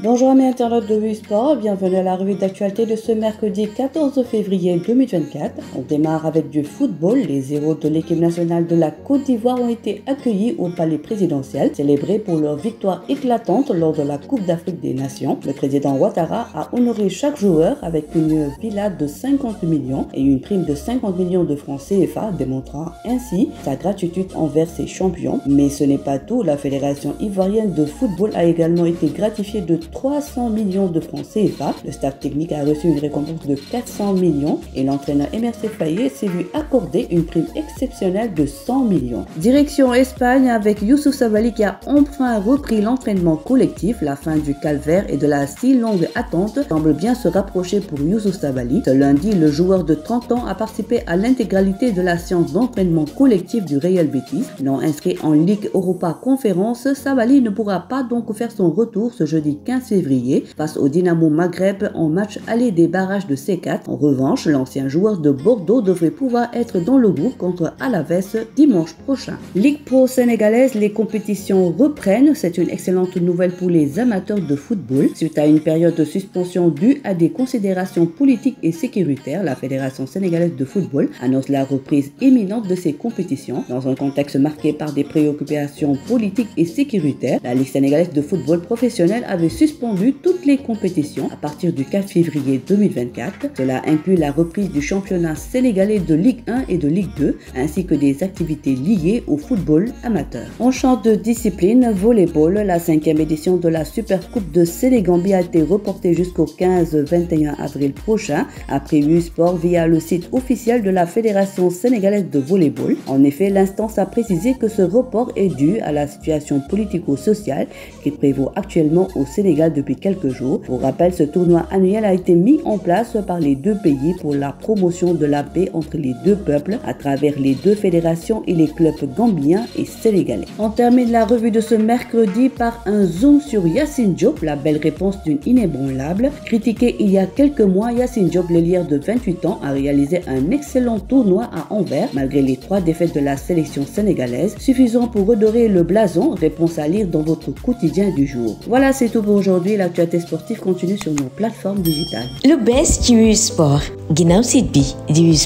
Bonjour à mes internautes de e-sport, bienvenue à la revue d'actualité de ce mercredi 14 février 2024. On démarre avec du football. Les héros de l'équipe nationale de la Côte d'Ivoire ont été accueillis au palais présidentiel, célébrés pour leur victoire éclatante lors de la Coupe d'Afrique des Nations. Le président Ouattara a honoré chaque joueur avec une villa de 50 millions et une prime de 50 millions de francs CFA, démontrant ainsi sa gratitude envers ses champions. Mais ce n'est pas tout, la Fédération ivoirienne de football a également été gratifiée de 300 millions de francs CFA. Le staff technique a reçu une récompense de 400 millions et l'entraîneur MRC Payé s'est lui accordé une prime exceptionnelle de 100 millions. Direction Espagne avec Youssouf Savali qui a enfin repris l'entraînement collectif. La fin du calvaire et de la si longue attente semble bien se rapprocher pour Youssouf Savali. Ce lundi, le joueur de 30 ans a participé à l'intégralité de la séance d'entraînement collectif du Real Betis. Non inscrit en Ligue Europa Conférence, Savali ne pourra pas donc faire son retour ce jeudi 15 février face au Dynamo Maghreb en match aller des barrages de C4. En revanche, l'ancien joueur de Bordeaux devrait pouvoir être dans le groupe contre Alaves dimanche prochain. Ligue pro sénégalaise, les compétitions reprennent. C'est une excellente nouvelle pour les amateurs de football. Suite à une période de suspension due à des considérations politiques et sécuritaires, la Fédération sénégalaise de football annonce la reprise imminente de ces compétitions. Dans un contexte marqué par des préoccupations politiques et sécuritaires, la Ligue sénégalaise de football professionnel avait suspendu suspendu toutes les compétitions à partir du 4 février 2024. Cela inclut la reprise du championnat sénégalais de Ligue 1 et de Ligue 2, ainsi que des activités liées au football amateur. En champ de discipline, volleyball, la cinquième édition de la Supercoupe de Sénégambie a été reportée jusqu'au 15-21 avril prochain, après U Sport via le site officiel de la Fédération sénégalaise de volleyball. En effet, l'instance a précisé que ce report est dû à la situation politico-sociale qui prévaut actuellement au Sénégal depuis quelques jours. Pour rappel, ce tournoi annuel a été mis en place par les deux pays pour la promotion de la paix entre les deux peuples à travers les deux fédérations et les clubs gambiens et sénégalais. On termine la revue de ce mercredi par un zoom sur Yacine Diop, la belle réponse d'une inébranlable. Critiqué il y a quelques mois, Yacine Diop, l'élire de 28 ans, a réalisé un excellent tournoi à Anvers malgré les trois défaites de la sélection sénégalaise, suffisant pour redorer le blason. Réponse à lire dans votre quotidien du jour. Voilà, c'est tout pour aujourd'hui Aujourd'hui, l'actualité sportive continue sur nos plateformes digitales. Le best e Sport ginnaaw site bi di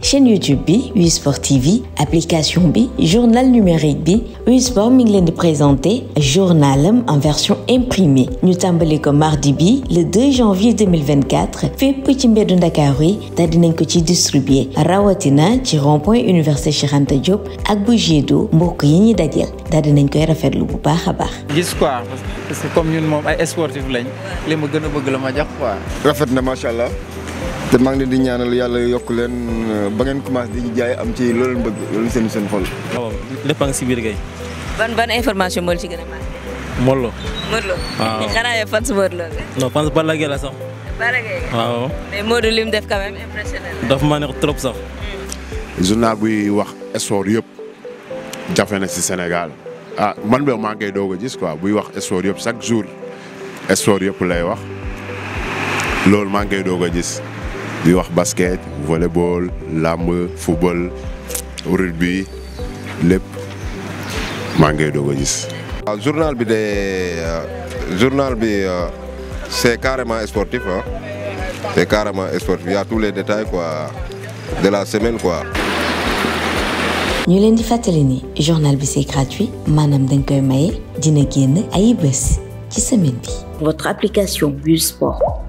chaîne YouTube bi UISport TV application bi journal numérique bi UISport. mi ngi leen di présenté en version imprimée ñu tàmbali ko mardi bi le 2 janvier 2024 fépp ci mbeddu Ndakaaru yi daal dinañ ko ci distribuer rawatina ci rond point université Cheikh Diop ak bu Gédo mbokk yi ñuy dajeel daal dinañ koy rafetlu bu baax a baax. gis quoi parce que comme ñun moom ay sportif lañ li ma gën a bëgg la ma jox quoi. rafet na macha allah. te maa ngi leen di ñaanal yàlla yokk leen euh, ba ngeen commencé di jaay am ci loolu leen bëgg loolu seen seen xol. waaw ah lépp a si biir kay. ban ban la a marqué. Modou Lo. Ah sax. Balla Gaye waaw. Ah mais hmm. buy wax sport yëpp jafe na si Sénégal ah man boobu maa ngi koy doog a gis quoi buy wax sport yëpp chaque jour sport yëpp lay wax loolu maa ngi koy doog a gis. bi wax basket volleyball làmb football rugby lépp maa ngay Le journal bi de euh, journal bi euh, c'est carrément sportif hein. c'est carrément sportif Il y a tous les détails quoi de la semaine quoi. ñu leen di journal bi c'est gratuit Manam dañ koy maye dina génn ay bés ci semaine bi. votre application Bus Sport.